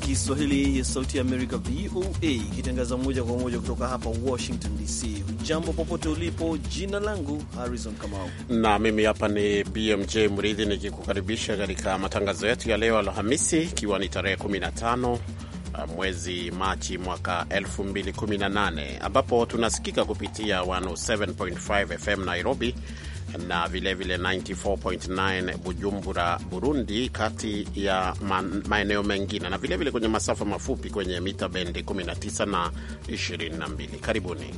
Kiswahili ya Sauti ya Amerika, VOA, ikitangaza moja kwa moja kutoka hapa Washington DC. Jambo popote ulipo, jina langu Harrison Kamau na mimi hapa ni BMJ Mridhi nikikukaribisha katika matangazo yetu ya leo Alhamisi, ikiwa ni tarehe 15 uh, mwezi Machi mwaka 2018 ambapo tunasikika kupitia 107.5 FM Nairobi na vilevile 94.9 Bujumbura, Burundi, kati ya maeneo mengine, na vilevile vile kwenye masafa mafupi kwenye mita bendi 19 na 22. Karibuni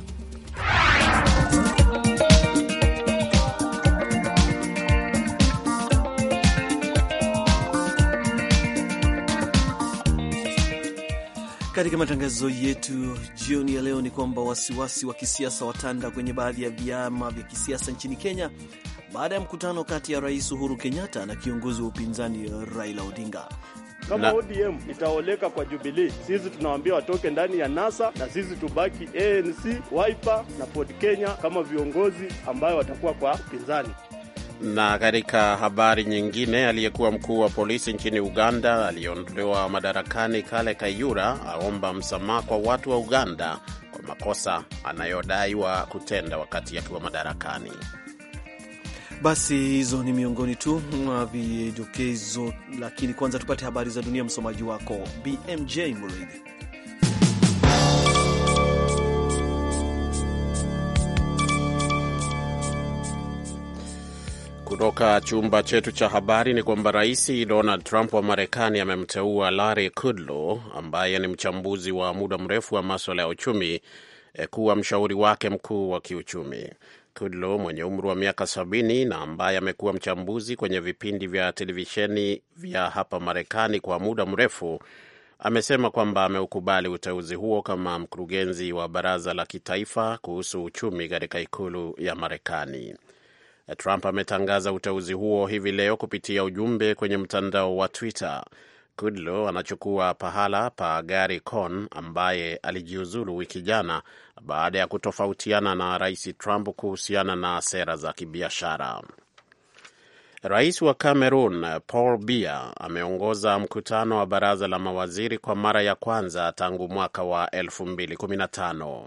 Katika matangazo yetu jioni ya leo ni kwamba wasiwasi wa kisiasa watanda kwenye baadhi ya vyama vya kisiasa nchini Kenya baada ya mkutano kati ya Rais Uhuru Kenyatta na kiongozi wa upinzani Raila Odinga. Kama ODM itaoleka kwa Jubilee, sisi tunawaambia watoke ndani ya NASA na sisi tubaki ANC, Wiper na Ford Kenya kama viongozi ambayo watakuwa kwa upinzani. Na katika habari nyingine, aliyekuwa mkuu wa polisi nchini Uganda aliyeondolewa madarakani Kale Kayura aomba msamaha kwa watu wa Uganda kwa makosa anayodaiwa kutenda wakati akiwa madarakani. Basi hizo ni miongoni tu mwa vidokezo, lakini kwanza tupate habari za dunia. Msomaji wako BMJ Muridi. kutoka chumba chetu cha habari ni kwamba Rais Donald Trump wa Marekani amemteua Larry Kudlow ambaye ni mchambuzi wa muda mrefu wa maswala ya uchumi eh, kuwa mshauri wake mkuu wa kiuchumi. Kudlow mwenye umri wa miaka sabini na ambaye amekuwa mchambuzi kwenye vipindi vya televisheni vya hapa Marekani kwa muda mrefu amesema kwamba ameukubali uteuzi huo kama mkurugenzi wa baraza la kitaifa kuhusu uchumi katika ikulu ya Marekani. Trump ametangaza uteuzi huo hivi leo kupitia ujumbe kwenye mtandao wa Twitter. kudlo anachukua pahala pa Gary Cohn ambaye alijiuzulu wiki jana baada ya kutofautiana na Rais Trump kuhusiana na sera za kibiashara. Rais wa Cameroon Paul Biya ameongoza mkutano wa baraza la mawaziri kwa mara ya kwanza tangu mwaka wa 2015.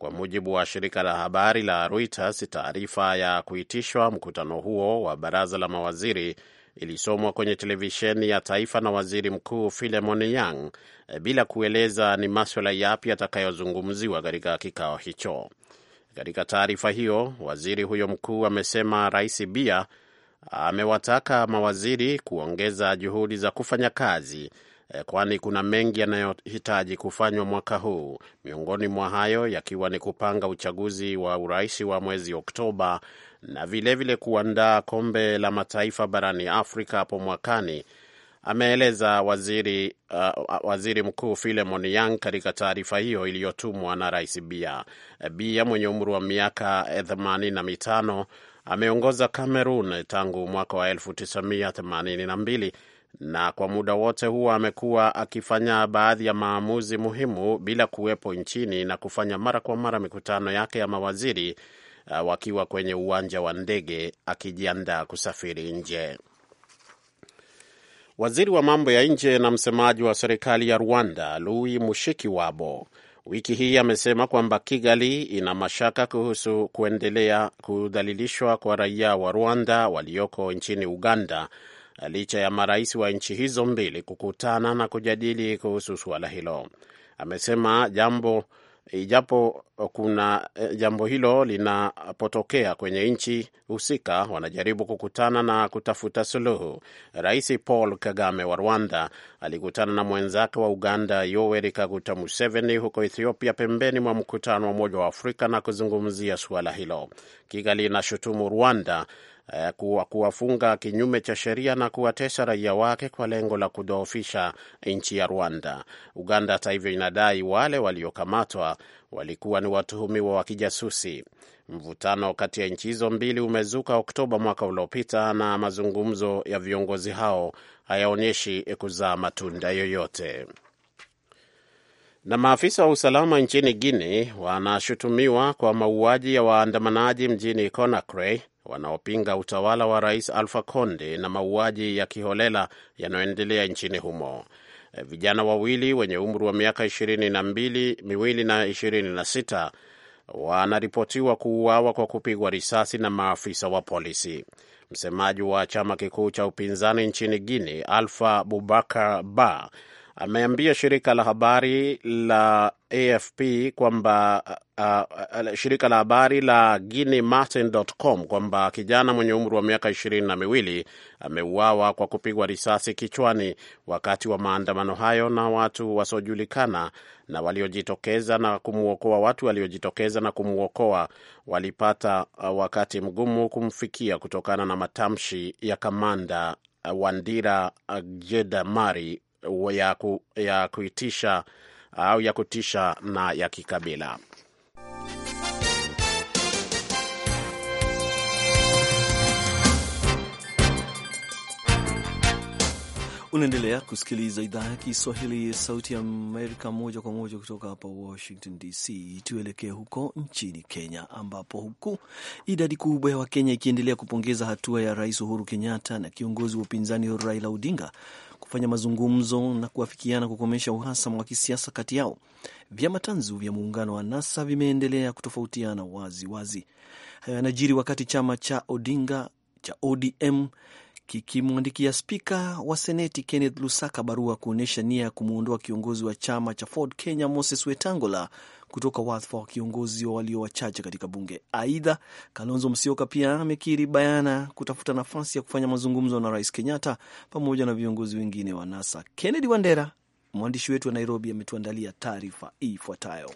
Kwa mujibu wa shirika la habari la Reuters, taarifa ya kuitishwa mkutano huo wa baraza la mawaziri ilisomwa kwenye televisheni ya taifa na waziri mkuu Filemon Yang eh, bila kueleza ni maswala yapi yatakayozungumziwa katika kikao hicho. Katika taarifa hiyo, waziri huyo mkuu amesema Rais Bia amewataka mawaziri kuongeza juhudi za kufanya kazi Eh, kwani kuna mengi yanayohitaji kufanywa mwaka huu, miongoni mwa hayo yakiwa ni kupanga uchaguzi wa urais wa mwezi Oktoba na vilevile kuandaa kombe la mataifa barani Afrika hapo mwakani, ameeleza waziri, uh, waziri mkuu Filemon Yang katika taarifa hiyo iliyotumwa na rais Bia. Eh, Bia mwenye umri wa miaka eh, themanini na mitano ameongoza Cameroon tangu mwaka wa 1982 na kwa muda wote huo amekuwa akifanya baadhi ya maamuzi muhimu bila kuwepo nchini na kufanya mara kwa mara mikutano yake ya mawaziri uh, wakiwa kwenye uwanja wa ndege akijiandaa kusafiri nje. Waziri wa mambo ya nje na msemaji wa serikali ya Rwanda Louis Mushikiwabo wiki hii amesema kwamba Kigali ina mashaka kuhusu kuendelea kudhalilishwa kwa raia wa Rwanda walioko nchini Uganda licha ya marais wa nchi hizo mbili kukutana na kujadili kuhusu suala hilo. Amesema jambo ijapo kuna jambo hilo linapotokea kwenye nchi husika, wanajaribu kukutana na kutafuta suluhu. Rais Paul Kagame wa Rwanda alikutana na mwenzake wa Uganda Yoweri Kaguta Museveni huko Ethiopia pembeni mwa mkutano wa Umoja wa Afrika na kuzungumzia suala hilo. Kigali inashutumu Rwanda Eh, kuwafunga kinyume cha sheria na kuwatesa raia wake kwa lengo la kudhoofisha nchi ya Rwanda. Uganda hata hivyo inadai wale waliokamatwa walikuwa ni watuhumiwa wa kijasusi. Mvutano kati ya nchi hizo mbili umezuka Oktoba mwaka uliopita, na mazungumzo ya viongozi hao hayaonyeshi kuzaa matunda yoyote. Na maafisa wa usalama nchini Guinea wanashutumiwa kwa mauaji ya waandamanaji mjini Conakry wanaopinga utawala wa Rais Alpha Conde na mauaji ya kiholela yanayoendelea nchini humo. Eh, vijana wawili wenye umri wa miaka ishirini na mbili miwili na ishirini na sita wanaripotiwa kuuawa kwa kupigwa risasi na maafisa wa polisi. Msemaji wa chama kikuu cha upinzani nchini Guinea, Alpha Bubakar Ba, ameambia shirika la habari la AFP kwamba uh, shirika la habari la GuineaMartin.com kwamba kijana mwenye umri wa miaka ishirini na miwili ameuawa kwa kupigwa risasi kichwani wakati wa maandamano hayo na watu wasiojulikana na waliojitokeza na kumwokoa. Watu waliojitokeza na kumwokoa walipata wakati mgumu kumfikia kutokana na matamshi ya kamanda Wandira Jedamari ya, ku, ya kuitisha au ya kutisha na ya kikabila. Unaendelea kusikiliza idhaa ya Kiswahili ya Sauti ya Amerika moja kwa moja kutoka hapa Washington DC. Tuelekee huko nchini Kenya, ambapo huku idadi kubwa ya Wakenya ikiendelea kupongeza hatua ya Rais Uhuru Kenyatta na kiongozi wa upinzani Raila Odinga kufanya mazungumzo na kuafikiana kukomesha uhasama wa kisiasa kati yao, vyama tanzu vya muungano wa NASA vimeendelea kutofautiana waziwazi. Hayo yanajiri wakati chama cha Odinga cha ODM kikimwandikia spika wa seneti Kenneth Lusaka barua kuonyesha nia ya kumwondoa kiongozi wa chama cha Ford Kenya Moses wetangola kutoka wadhifa wa kiongozi wa walio wachache katika bunge. Aidha, Kalonzo Musyoka pia amekiri bayana kutafuta nafasi ya kufanya mazungumzo na Rais Kenyatta pamoja na viongozi wengine wa NASA. Kennedy Wandera, mwandishi wetu wa Nairobi, ametuandalia taarifa ifuatayo.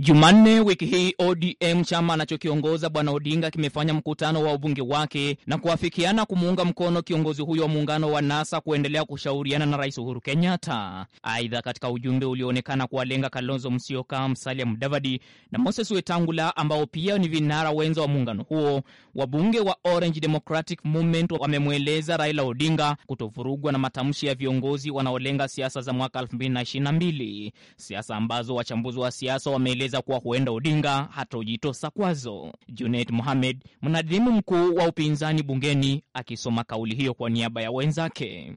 Jumanne wiki hii ODM chama anachokiongoza bwana Odinga kimefanya mkutano wa ubunge wake na kuafikiana kumuunga mkono kiongozi huyo wa muungano wa NASA kuendelea kushauriana na Rais Uhuru Kenyatta. Aidha, katika ujumbe ulioonekana kuwalenga Kalonzo Musyoka, Musalia Mudavadi na Moses Wetangula ambao pia ni vinara wenza wa muungano huo, wabunge wa Orange Democratic Movement wamemweleza Raila Odinga kutovurugwa na matamshi ya viongozi wanaolenga siasa za mwaka 2022, siasa ambazo wachambuzi wa siasa wame akieleza kuwa huenda Odinga hatojitosa kwazo. Junet Mohamed, mnadhimu mkuu wa upinzani bungeni, akisoma kauli hiyo kwa niaba ya wenzake.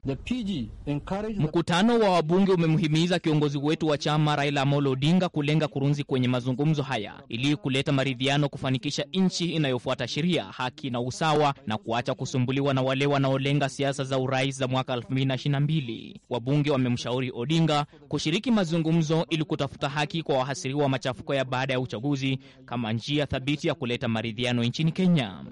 Mkutano wa wabunge umemhimiza kiongozi wetu wa chama Raila Amolo Odinga kulenga kurunzi kwenye mazungumzo haya ili kuleta maridhiano, kufanikisha nchi inayofuata sheria, haki na usawa, na kuacha kusumbuliwa na wale wanaolenga siasa za urais za mwaka 2022. Wabunge wamemshauri Odinga kushiriki mazungumzo ili kutafuta haki kwa wahasiriwa wa machafuko ya baada ya uchaguzi kama njia thabiti ya kuleta maridhiano nchini Kenya.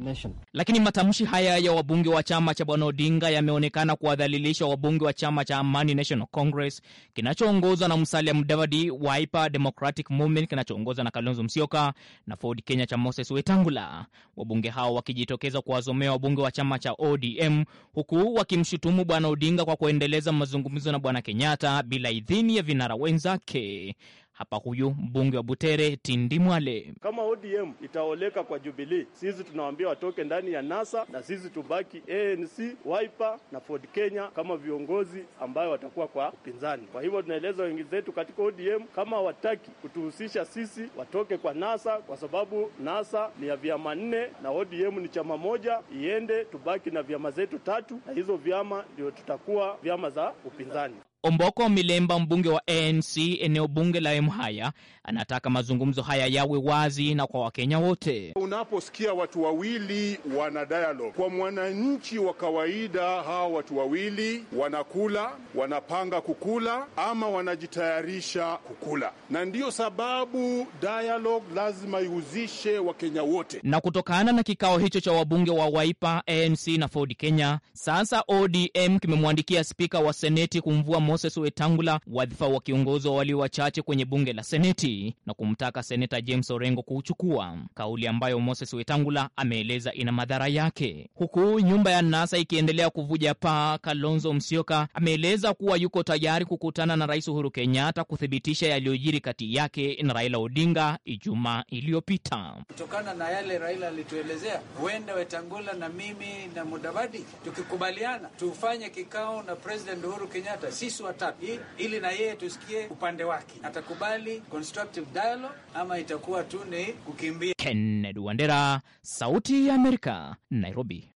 Lakini matamshi haya ya wabunge wa chama cha Bwana Odinga yameonekana kuwadhalilisha wabunge wa chama cha Amani National Congress kinachoongozwa na Musalia Mudavadi, Wiper Democratic Movement kinachoongozwa na Kalonzo Musyoka na Ford Kenya cha Moses Wetangula, wabunge hao wakijitokeza kuwazomea wabunge wa chama cha ODM huku wakimshutumu Bwana Odinga kwa kuendeleza mazungumzo na Bwana Kenyatta bila idhini ya vinara wenzake. Hapa huyu mbunge wa Butere Tindimwale: kama ODM itaoleka kwa Jubilee, sisi tunawaambia watoke ndani ya NASA na sisi tubaki ANC, Wiper na Ford Kenya kama viongozi ambayo watakuwa kwa upinzani. Kwa hivyo tunaeleza wengizetu katika ODM kama hawataki kutuhusisha sisi, watoke kwa NASA kwa sababu NASA ni ya vyama nne na ODM ni chama moja, iende tubaki na vyama zetu tatu, na hizo vyama ndio tutakuwa vyama za upinzani. Omboko Milemba, mbunge wa ANC eneo bunge la Emhaya, anataka mazungumzo haya yawe wazi na kwa Wakenya wote. Unaposikia watu wawili wana dialogue, kwa mwananchi wa kawaida, hawa watu wawili wanakula, wanapanga kukula ama wanajitayarisha kukula, na ndiyo sababu dialogue lazima ihuzishe Wakenya wote. Na kutokana na kikao hicho cha wabunge wa Waipa, ANC na Ford Kenya, sasa ODM kimemwandikia spika wa seneti kumvua Moses Wetangula wadhifa wa kiongozi wa walio wachache kwenye bunge la Seneti na kumtaka seneta James Orengo kuuchukua, kauli ambayo Moses Wetangula ameeleza ina madhara yake. Huku nyumba ya NASA ikiendelea kuvuja paa, Kalonzo Musyoka ameeleza kuwa yuko tayari kukutana na Rais Uhuru Kenyatta kuthibitisha yaliyojiri kati yake na Raila Odinga Ijumaa iliyopita. Kutokana na yale Raila alituelezea, huenda Wetangula na mimi na Mudavadi tukikubaliana tufanye kikao na President Uhuru Kenyatta sisi sisi watatu, ili na yeye tusikie upande wake, atakubali constructive dialogue ama itakuwa tu ni kukimbia. Kennedy Wandera, Sauti ya Amerika, Nairobi.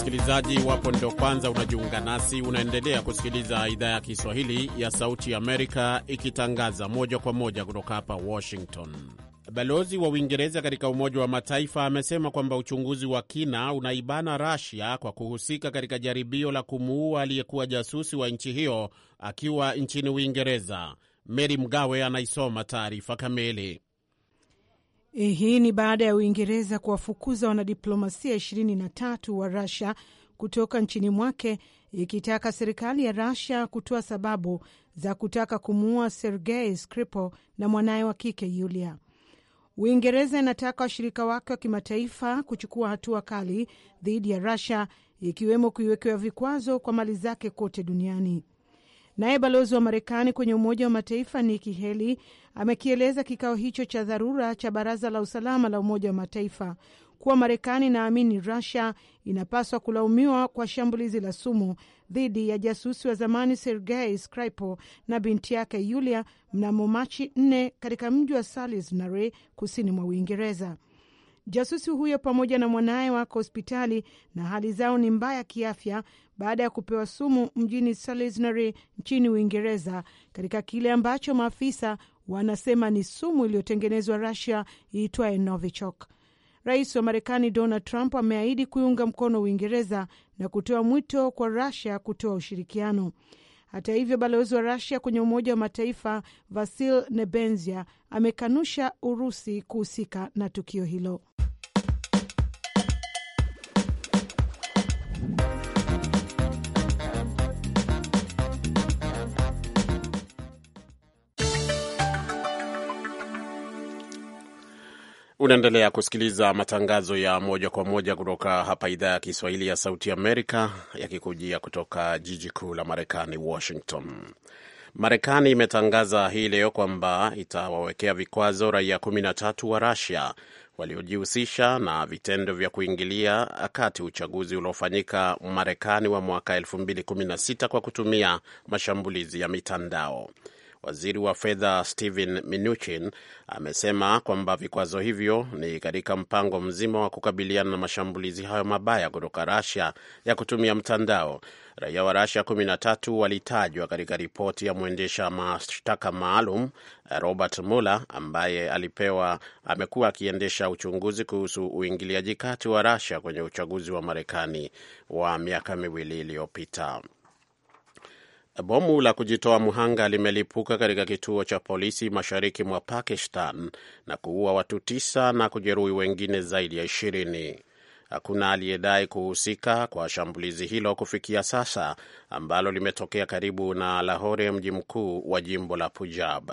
Msikilizaji, iwapo ndio kwanza unajiunga nasi, unaendelea kusikiliza idhaa ya Kiswahili ya Sauti ya Amerika ikitangaza moja kwa moja kutoka hapa Washington. Balozi wa Uingereza katika Umoja wa Mataifa amesema kwamba uchunguzi wa kina unaibana Rasia kwa kuhusika katika jaribio la kumuua aliyekuwa jasusi wa nchi hiyo akiwa nchini Uingereza. Meri Mgawe anaisoma taarifa kamili. Eh, hii ni baada ya Uingereza kuwafukuza wanadiplomasia ishirini na tatu wa rusia kutoka nchini mwake ikitaka serikali ya Russia kutoa sababu za kutaka kumuua Sergei Skripal na mwanaye wa kike Yulia. Uingereza inataka washirika wake wa kimataifa kuchukua hatua kali dhidi ya rusia ikiwemo kuiwekewa vikwazo kwa mali zake kote duniani. Naye balozi wa Marekani kwenye Umoja wa Mataifa Nikki Haley amekieleza kikao hicho cha dharura cha Baraza la Usalama la Umoja wa Mataifa kuwa Marekani inaamini Rusia inapaswa kulaumiwa kwa shambulizi la sumu dhidi ya jasusi wa zamani Sergei Skripal na binti yake Yulia mnamo Machi 4 katika mji wa Salisbury kusini mwa Uingereza. Jasusi huyo pamoja na mwanaye wako hospitali na hali zao ni mbaya kiafya baada ya kupewa sumu mjini Salisbury nchini Uingereza, katika kile ambacho maafisa wanasema ni sumu iliyotengenezwa Rusia iitwaye Novichok. Rais wa Marekani Donald Trump ameahidi kuiunga mkono Uingereza na kutoa mwito kwa Rusia kutoa ushirikiano. Hata hivyo, balozi wa Rasia kwenye Umoja wa Mataifa Vasil Nebenzia amekanusha Urusi kuhusika na tukio hilo. Unaendelea kusikiliza matangazo ya moja kwa moja kutoka hapa idhaa ya Kiswahili ya Sauti Amerika yakikujia kutoka jiji kuu la Marekani, Washington. Marekani imetangaza hii leo kwamba itawawekea vikwazo raia 13 wa Rusia waliojihusisha na vitendo vya kuingilia kati uchaguzi uliofanyika Marekani wa mwaka 2016 kwa kutumia mashambulizi ya mitandao. Waziri wa fedha Steven Mnuchin amesema kwamba vikwazo hivyo ni katika mpango mzima wa kukabiliana na mashambulizi hayo mabaya kutoka rasia ya kutumia mtandao. Raia wa Rasia 13 walitajwa katika ripoti ya mwendesha mashtaka maalum Robert Mueller ambaye alipewa amekuwa akiendesha uchunguzi kuhusu uingiliaji kati wa rasia kwenye uchaguzi wa Marekani wa miaka miwili iliyopita. Bomu la kujitoa mhanga limelipuka katika kituo cha polisi mashariki mwa Pakistan na kuua watu tisa na kujeruhi wengine zaidi ya ishirini. Hakuna aliyedai kuhusika kwa shambulizi hilo kufikia sasa, ambalo limetokea karibu na Lahore, mji mkuu wa jimbo la Punjab.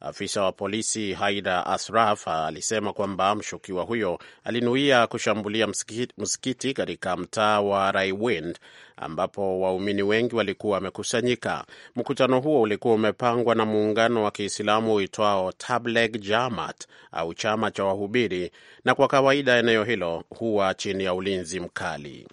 Afisa wa polisi Haida Asraf alisema kwamba mshukiwa huyo alinuia kushambulia msikiti katika mtaa wa raiwind ambapo waumini wengi walikuwa wamekusanyika. Mkutano huo ulikuwa umepangwa na muungano wa Kiislamu uitwao Tabligh Jamaat au chama cha wahubiri, na kwa kawaida eneo hilo huwa chini ya ulinzi mkali.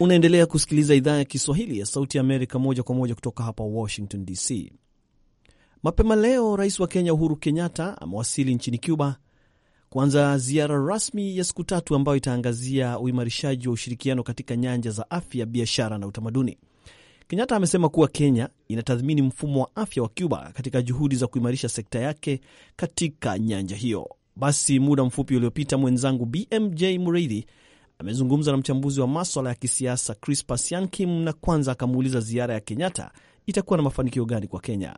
Unaendelea kusikiliza idhaa ya Kiswahili ya Sauti ya Amerika moja kwa moja kutoka hapa Washington DC. Mapema leo rais wa Kenya Uhuru Kenyatta amewasili nchini Cuba kuanza ziara rasmi ya siku tatu ambayo itaangazia uimarishaji wa ushirikiano katika nyanja za afya, biashara na utamaduni. Kenyatta amesema kuwa Kenya inatathmini mfumo wa afya wa Cuba katika juhudi za kuimarisha sekta yake katika nyanja hiyo. Basi muda mfupi uliopita, mwenzangu BMJ Mureithi amezungumza na mchambuzi wa maswala ya kisiasa Crispas Yankim, na kwanza akamuuliza ziara ya Kenyatta itakuwa na mafanikio gani kwa Kenya?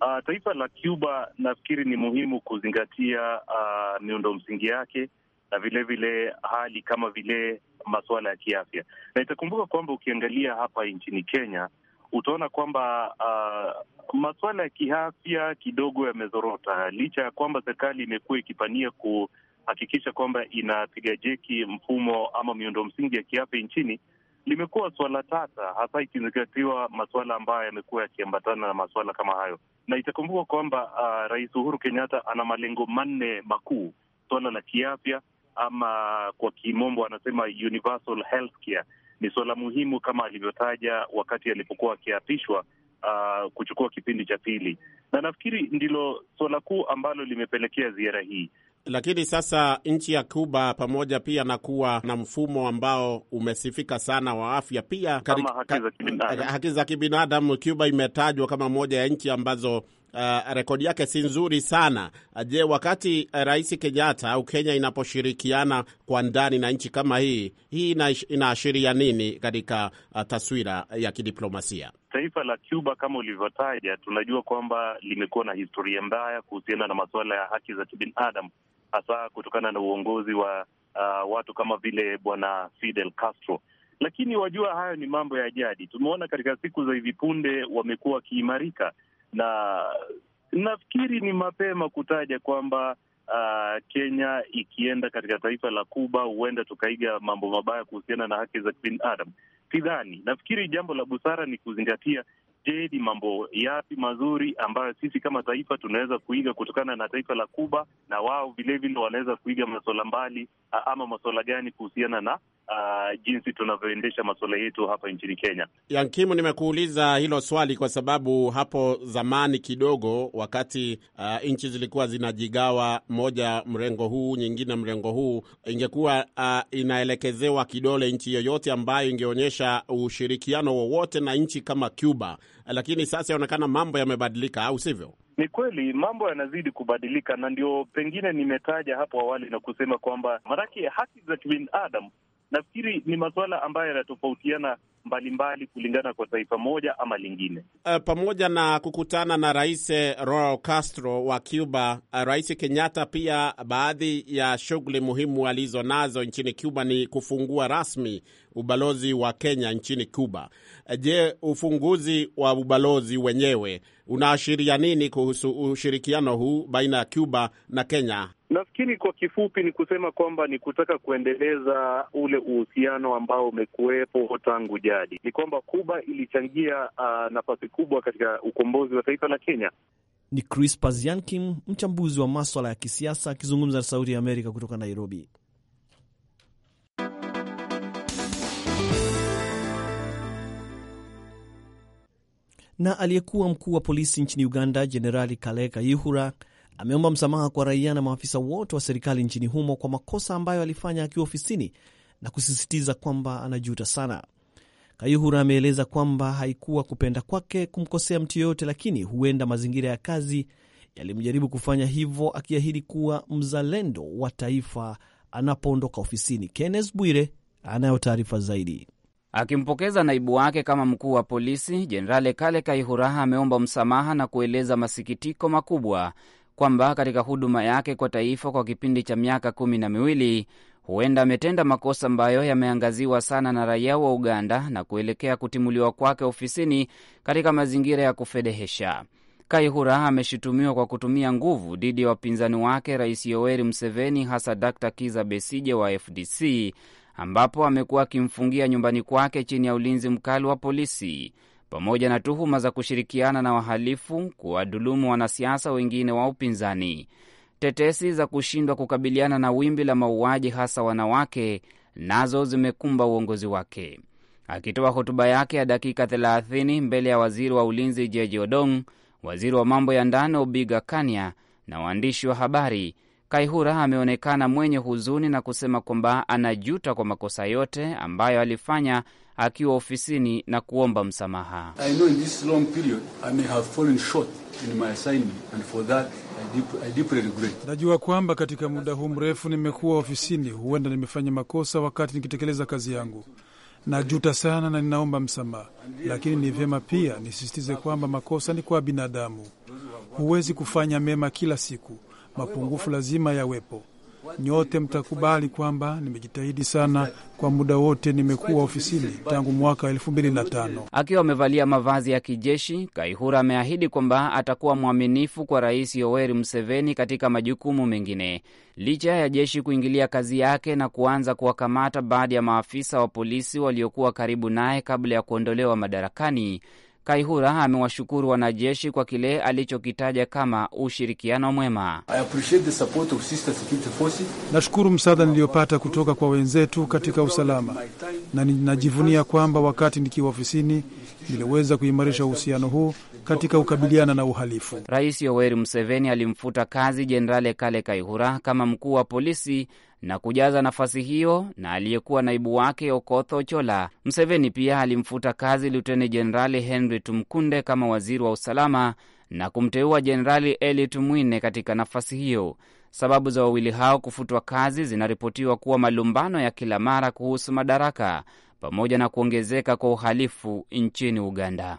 Uh, taifa la Cuba nafikiri ni muhimu kuzingatia uh, miundo msingi yake na vilevile vile hali kama vile masuala ya kiafya, na itakumbuka kwamba ukiangalia hapa nchini Kenya utaona kwamba uh, ah, masuala ya kiafya kidogo yamezorota, licha ya kwamba serikali imekuwa ikipania ku hakikisha kwamba inapiga jeki mfumo ama miundo msingi ya kiafya nchini limekuwa swala tata, hasa ikizingatiwa masuala ambayo yamekuwa yakiambatana na masuala kama hayo. Na itakumbuka kwamba uh, Rais Uhuru Kenyatta ana malengo manne makuu: suala la kiafya ama kwa kimombo anasema universal healthcare ni suala muhimu kama alivyotaja wakati alipokuwa akiapishwa uh, kuchukua kipindi cha pili, na nafikiri ndilo suala kuu ambalo limepelekea ziara hii. Lakini sasa nchi ya Cuba pamoja pia na kuwa na mfumo ambao umesifika sana wa afya, pia haki za kibinadamu, Cuba imetajwa kama moja ya nchi ambazo Uh, rekodi yake si nzuri sana. Uh, je, wakati uh, Rais Kenyatta au Kenya inaposhirikiana kwa ndani na nchi kama hii hii inaashiria nini katika uh, taswira ya kidiplomasia? Taifa la Cuba kama ulivyotaja, tunajua kwamba limekuwa na historia mbaya kuhusiana na masuala ya haki za kibinadamu, hasa kutokana na uongozi wa uh, watu kama vile bwana Fidel Castro. Lakini wajua, hayo ni mambo ya jadi. Tumeona katika siku za hivi punde wamekuwa wakiimarika, na nafikiri ni mapema kutaja kwamba uh, Kenya ikienda katika taifa la Kuba huenda tukaiga mambo mabaya kuhusiana na haki za kibinadamu. Sidhani. Nafikiri jambo la busara ni kuzingatia Je, ni mambo yapi mazuri ambayo sisi kama taifa tunaweza kuiga kutokana na taifa la Kuba, na wao vilevile wanaweza kuiga masuala mbali ama masuala gani kuhusiana na Uh, jinsi tunavyoendesha masuala yetu hapa nchini Kenya. Yankimu, nimekuuliza hilo swali kwa sababu hapo zamani kidogo, wakati uh, nchi zilikuwa zinajigawa, moja mrengo huu, nyingine mrengo huu, ingekuwa uh, inaelekezewa kidole nchi yoyote ambayo ingeonyesha ushirikiano wowote na nchi kama Cuba, lakini sasa yaonekana mambo yamebadilika, au sivyo? Ni kweli mambo yanazidi kubadilika, na ndio pengine nimetaja hapo awali na kusema kwamba, maanake haki za kibinadamu nafikiri ni masuala ambayo yanatofautiana mbalimbali kulingana kwa taifa moja ama lingine. Uh, pamoja na kukutana na Rais eh, Raul Castro wa Cuba, uh, Rais Kenyatta pia baadhi ya shughuli muhimu alizo nazo nchini Cuba ni kufungua rasmi ubalozi wa Kenya nchini Cuba. Uh, je, ufunguzi wa ubalozi wenyewe unaashiria nini kuhusu ushirikiano huu baina ya Cuba na Kenya? Nafikiri kwa kifupi ni kusema kwamba ni kutaka kuendeleza ule uhusiano ambao umekuwepo tangu ja idadi. ni kwamba Kuba ilichangia uh, nafasi kubwa katika ukombozi wa taifa la Kenya. Ni Chris Paziankim, mchambuzi wa maswala ya kisiasa akizungumza na Sauti ya Amerika kutoka Nairobi. Na aliyekuwa mkuu wa polisi nchini Uganda Jenerali Kaleka Yuhura ameomba msamaha kwa raia na maafisa wote wa serikali nchini humo kwa makosa ambayo alifanya akiwa ofisini na kusisitiza kwamba anajuta sana. Kayuhura ameeleza kwamba haikuwa kupenda kwake kumkosea mtu yoyote, lakini huenda mazingira ya kazi yalimjaribu kufanya hivyo, akiahidi kuwa mzalendo wa taifa anapoondoka ofisini. Kenneth Bwire anayo taarifa zaidi. Akimpokeza naibu wake kama mkuu wa polisi, Jenerali Kale Kaihura ameomba msamaha na kueleza masikitiko makubwa kwamba katika huduma yake kwa taifa kwa kipindi cha miaka kumi na miwili huenda ametenda makosa ambayo yameangaziwa sana na raia wa Uganda na kuelekea kutimuliwa kwake ofisini katika mazingira ya kufedehesha. Kaihura ameshutumiwa kwa kutumia nguvu dhidi ya wapinzani wake Rais Yoweri Museveni, hasa Dr Kiza Besije wa FDC, ambapo amekuwa akimfungia nyumbani kwake chini ya ulinzi mkali wa polisi, pamoja na tuhuma za kushirikiana na wahalifu, kuwadhulumu wanasiasa wengine wa upinzani. Tetesi za kushindwa kukabiliana na wimbi la mauaji, hasa wanawake, nazo zimekumba uongozi wake. Akitoa hotuba yake ya dakika 30 mbele ya waziri wa ulinzi Jeji Odong, waziri wa mambo ya ndani Obiga Kania na waandishi wa habari, Kaihura ameonekana mwenye huzuni na kusema kwamba anajuta kwa makosa yote ambayo alifanya akiwa ofisini na kuomba msamaha. Najua kwamba katika muda huu mrefu nimekuwa ofisini, huenda nimefanya makosa wakati nikitekeleza kazi yangu. Najuta sana na ninaomba msamaha, lakini ni vyema pia nisisitize kwamba makosa ni kwa binadamu. Huwezi kufanya mema kila siku, mapungufu lazima yawepo nyote mtakubali kwamba nimejitahidi sana kwa muda wote nimekuwa ofisini tangu mwaka 2005. Akiwa amevalia mavazi ya kijeshi, Kaihura ameahidi kwamba atakuwa mwaminifu kwa Rais Yoweri Museveni katika majukumu mengine. Licha ya jeshi kuingilia kazi yake na kuanza kuwakamata baadhi ya maafisa wa polisi waliokuwa karibu naye kabla ya kuondolewa madarakani, Kaihura amewashukuru wanajeshi kwa kile alichokitaja kama ushirikiano mwema. Nashukuru msaada niliyopata kutoka kwa wenzetu katika usalama, na ninajivunia kwamba wakati nikiwa ofisini niliweza kuimarisha uhusiano huu katika kukabiliana na uhalifu. Rais Yoweri Museveni alimfuta kazi Jenerali Kale Kaihura kama mkuu wa polisi na kujaza nafasi hiyo na aliyekuwa naibu wake Okoth Ochola. Mseveni pia alimfuta kazi Luteni Jenerali Henry Tumkunde kama waziri wa usalama na kumteua Jenerali Eli Tumwine katika nafasi hiyo. Sababu za wawili hao kufutwa kazi zinaripotiwa kuwa malumbano ya kila mara kuhusu madaraka pamoja na kuongezeka kwa uhalifu nchini Uganda.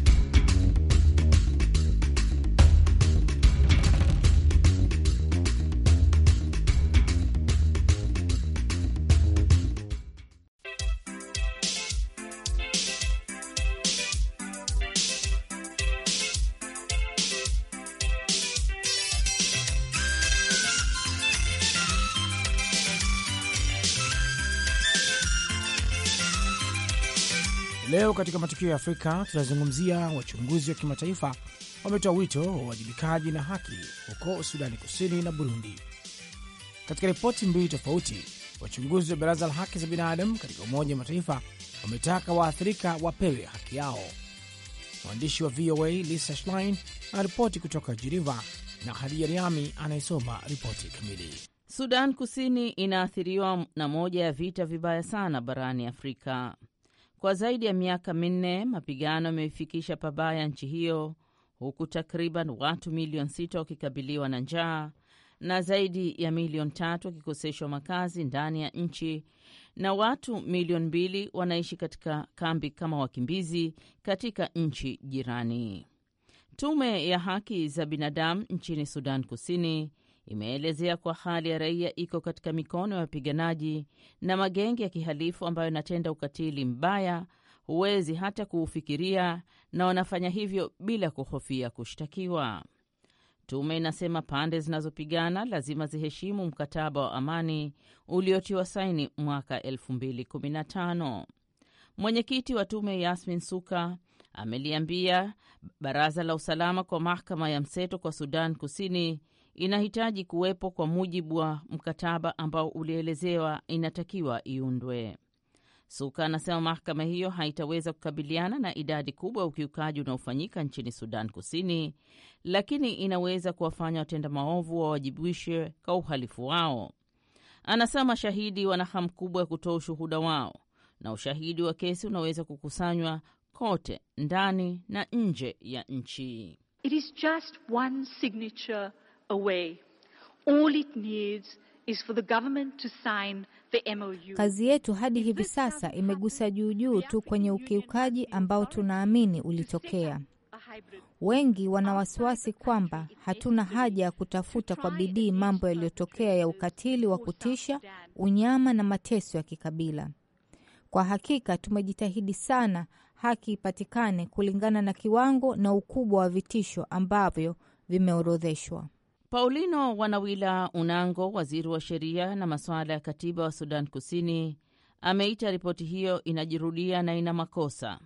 Leo katika matukio ya Afrika tunazungumzia wachunguzi wa kimataifa wametoa wito wa uwajibikaji na haki huko Sudani Kusini na Burundi. Katika ripoti mbili tofauti, wachunguzi wa Baraza la Haki za Binadamu katika Umoja wa Mataifa wametaka waathirika wapewe haki yao. Mwandishi wa VOA Lisa Schlein anaripoti kutoka Jiriva na Hadija Riami anayesoma ripoti kamili. Sudan Kusini inaathiriwa na moja ya vita vibaya sana barani Afrika. Kwa zaidi ya miaka minne, mapigano yameifikisha pabaya nchi hiyo, huku takriban watu milioni sita wakikabiliwa na njaa na zaidi ya milioni tatu wakikoseshwa makazi ndani ya nchi na watu milioni mbili wanaishi katika kambi kama wakimbizi katika nchi jirani. Tume ya haki za binadamu nchini Sudan Kusini imeelezea kuwa hali ya raia iko katika mikono ya wapiganaji na magenge ya kihalifu ambayo yanatenda ukatili mbaya, huwezi hata kuufikiria, na wanafanya hivyo bila kuhofia kushtakiwa. Tume inasema pande zinazopigana lazima ziheshimu mkataba wa amani uliotiwa saini mwaka 2015. Mwenyekiti wa tume Yasmin Suka ameliambia baraza la usalama kwa mahakama ya mseto kwa Sudan Kusini inahitaji kuwepo kwa mujibu wa mkataba ambao ulielezewa inatakiwa iundwe. Suka anasema mahakama hiyo haitaweza kukabiliana na idadi kubwa ya ukiukaji unaofanyika nchini Sudan Kusini, lakini inaweza kuwafanya watenda maovu wawajibishwe kwa uhalifu wao. Anasema mashahidi wana hamu kubwa ya kutoa ushuhuda wao na ushahidi wa kesi unaweza kukusanywa kote ndani na nje ya nchi. It is just one signature away. All it needs is for the government to sign the MOU. Kazi yetu hadi hivi sasa imegusa juu juu tu kwenye ukiukaji ambao tunaamini ulitokea. Wengi wana wasiwasi kwamba hatuna haja ya kutafuta kwa bidii mambo yaliyotokea ya ukatili wa kutisha, unyama na mateso ya kikabila. Kwa hakika tumejitahidi sana haki ipatikane kulingana na kiwango na ukubwa wa vitisho ambavyo vimeorodheshwa. Paulino Wanawila Unango, waziri wa sheria na masuala ya katiba wa Sudan Kusini, ameita ripoti hiyo inajirudia na ina makosa.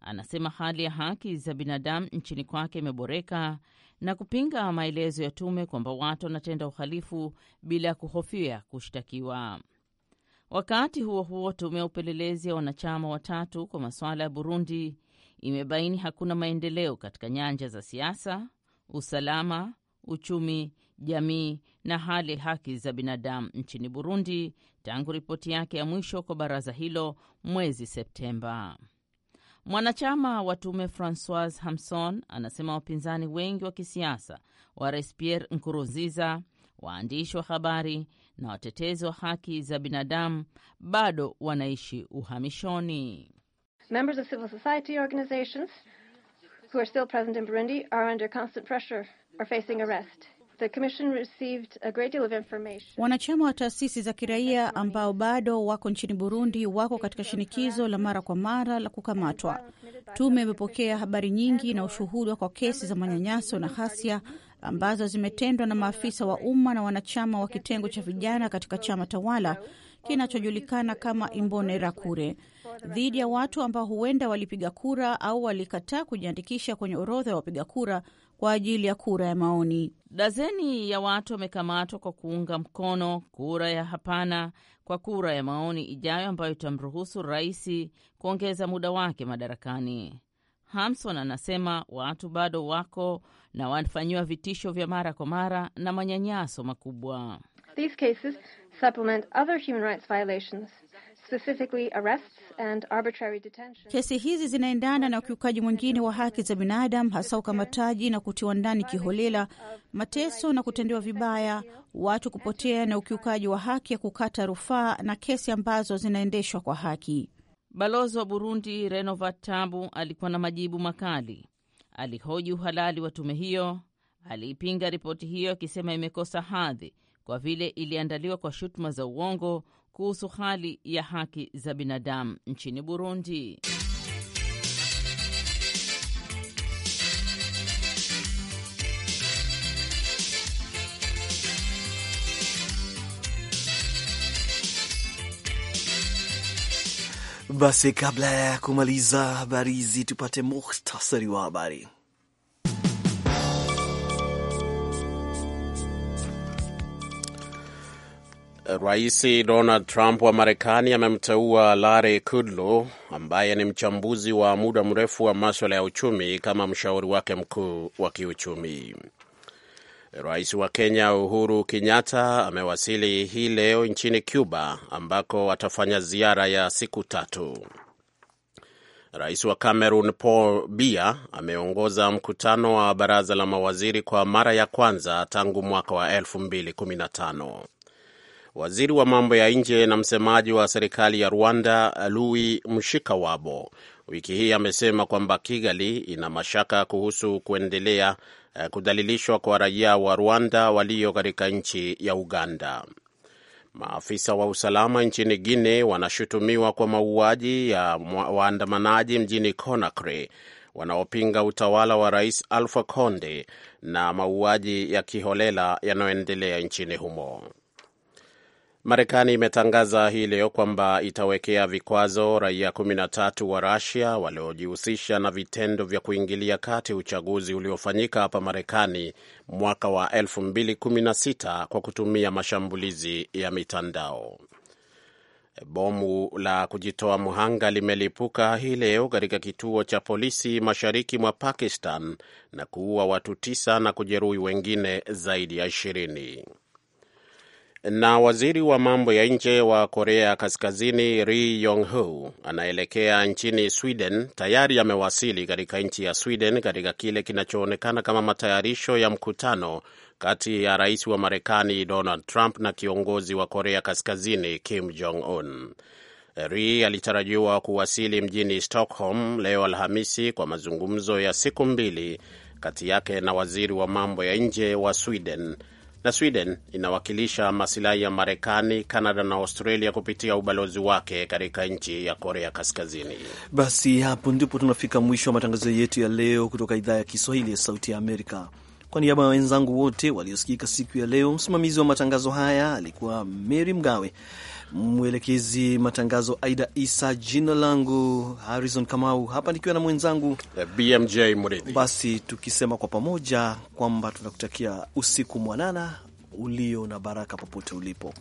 Anasema hali ya haki za binadamu nchini kwake imeboreka na kupinga maelezo ya tume kwamba watu wanatenda uhalifu bila kuhofia kushtakiwa. Wakati huo huo, tume ya upelelezi ya wanachama watatu kwa masuala ya Burundi imebaini hakuna maendeleo katika nyanja za siasa, usalama uchumi, jamii na hali haki za binadamu nchini Burundi tangu ripoti yake ya mwisho kwa baraza hilo mwezi Septemba. Mwanachama wa tume Francois Hamson anasema wapinzani wengi wa kisiasa wa Rais Pierre Nkurunziza, waandishi wa habari na watetezi wa haki za binadamu bado wanaishi uhamishoni. Members of civil society organizations who are still present in Burundi are under constant pressure are facing arrest. The commission received a great deal of information. Wanachama wa taasisi za kiraia ambao bado wako nchini Burundi wako katika shinikizo la mara kwa mara la kukamatwa. Tume imepokea habari nyingi na ushuhuda kwa kesi za manyanyaso na ghasia ambazo zimetendwa na maafisa wa umma na wanachama wa kitengo cha vijana katika chama tawala kinachojulikana kama Imbonerakure dhidi ya watu ambao huenda walipiga kura au walikataa kujiandikisha kwenye orodha ya wapiga kura kwa ajili ya kura ya maoni. Dazeni ya watu wamekamatwa kwa kuunga mkono kura ya hapana kwa kura ya maoni ijayo ambayo itamruhusu rais kuongeza muda wake madarakani. Hamson anasema watu bado wako na wanafanyiwa vitisho vya mara kwa mara na manyanyaso makubwa. These cases supplement other human rights violations, specifically arrests and arbitrary detention. Kesi hizi zinaendana na ukiukaji mwingine wa haki za binadamu, hasa ukamataji na kutiwa ndani kiholela, mateso na kutendewa vibaya, watu kupotea, na ukiukaji wa haki ya kukata rufaa na kesi ambazo zinaendeshwa kwa haki. Balozi wa Burundi Renovat Tabu alikuwa na majibu makali. Alihoji uhalali wa tume hiyo, aliipinga ripoti hiyo akisema imekosa hadhi kwa vile iliandaliwa kwa shutuma za uongo kuhusu hali ya haki za binadamu nchini Burundi. Basi kabla ya kumaliza habari hizi, tupate muhtasari wa habari. Rais Donald Trump wa Marekani amemteua Larry Kudlow ambaye ni mchambuzi wa muda mrefu wa maswala ya uchumi kama mshauri wake mkuu wa kiuchumi. Rais wa Kenya Uhuru Kenyatta amewasili hii leo nchini Cuba ambako atafanya ziara ya siku tatu. Rais wa Cameroon Paul Biya ameongoza mkutano wa baraza la mawaziri kwa mara ya kwanza tangu mwaka wa 2015. Waziri wa mambo ya nje na msemaji wa serikali ya Rwanda Louis Mshikawabo wiki hii amesema kwamba Kigali ina mashaka kuhusu kuendelea eh, kudhalilishwa kwa raia wa Rwanda walio katika nchi ya Uganda. Maafisa wa usalama nchini Guine wanashutumiwa kwa mauaji ya waandamanaji mjini Conakry wanaopinga utawala wa Rais alfa Conde na mauaji ya kiholela yanayoendelea nchini humo. Marekani imetangaza hii leo kwamba itawekea vikwazo raia 13 wa Rusia waliojihusisha na vitendo vya kuingilia kati uchaguzi uliofanyika hapa Marekani mwaka wa 2016 kwa kutumia mashambulizi ya mitandao. Bomu la kujitoa mhanga limelipuka hii leo katika kituo cha polisi mashariki mwa Pakistan na kuua watu tisa na kujeruhi wengine zaidi ya ishirini. Na waziri wa mambo ya nje wa Korea Kaskazini Ri Yong Ho anaelekea nchini Sweden, tayari amewasili katika nchi ya Sweden katika kile kinachoonekana kama matayarisho ya mkutano kati ya rais wa Marekani Donald Trump na kiongozi wa Korea Kaskazini Kim Jong Un. Ri alitarajiwa kuwasili mjini Stockholm leo Alhamisi kwa mazungumzo ya siku mbili kati yake na waziri wa mambo ya nje wa Sweden na Sweden inawakilisha masilahi ya Marekani, Kanada na Australia kupitia ubalozi wake katika nchi ya Korea Kaskazini. Basi hapo ndipo tunafika mwisho wa matangazo yetu ya leo kutoka idhaa ya Kiswahili ya Sauti ya Amerika. Kwa niaba ya wenzangu wote waliosikika siku ya leo, msimamizi wa matangazo haya alikuwa Mary Mgawe mwelekezi matangazo Aida Isa, jina langu Harrison Kamau, hapa nikiwa na mwenzangu BMJ Mridhi. Basi tukisema kwa pamoja kwamba tunakutakia usiku mwanana ulio na baraka popote ulipo.